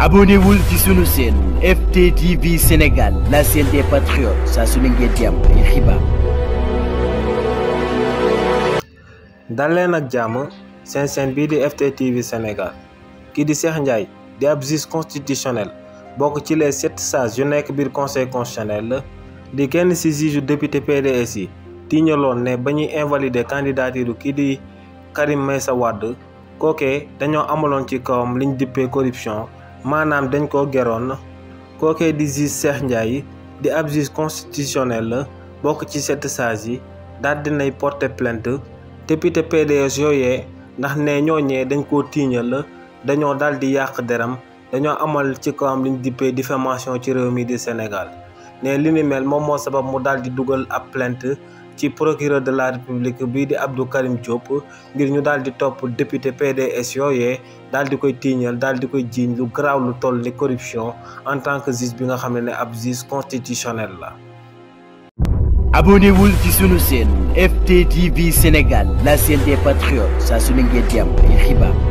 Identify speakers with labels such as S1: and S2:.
S1: abonnez-vous à la chaîne FTTV Sénégal la chaîne des patriotes Ça, su ne
S2: ngeen FTTV Sénégal qui dit « Cheikh Ndiaye di abus constitutionnel les sept sages conseil constitutionnel di député PDSI, yi ne ba Karim Mesawad, Wade a été ci kawam corruption. maanaam dañ koo geroon kookee di juge Cheikh Ndiaye di ab juge constitutionnel la bokk ci sept sages yi daal dinay porter plainte député PDS yooyee ndax ne ñooñee dañ koo tiiñal la dañoo daal di yàq deram dañoo amal ci kawam liñ dippee diffamation ci réew mi di Sénégal ne li mel moom moo sabab mu daal di dugal ab plainte ci procureur de la république bi di Abdou Karim Diop ngir ñu daal di député PDS yoyé d'Al di koy tiiñal daal di koy jiiñ lu graw lu toll corruption en tant que juge bi nga xamné né ab juge constitutionnel la.
S1: abonnez-vous sur sunu chaîne FTTV Sénégal la chaîne des patriotes Ça, su ne ngeen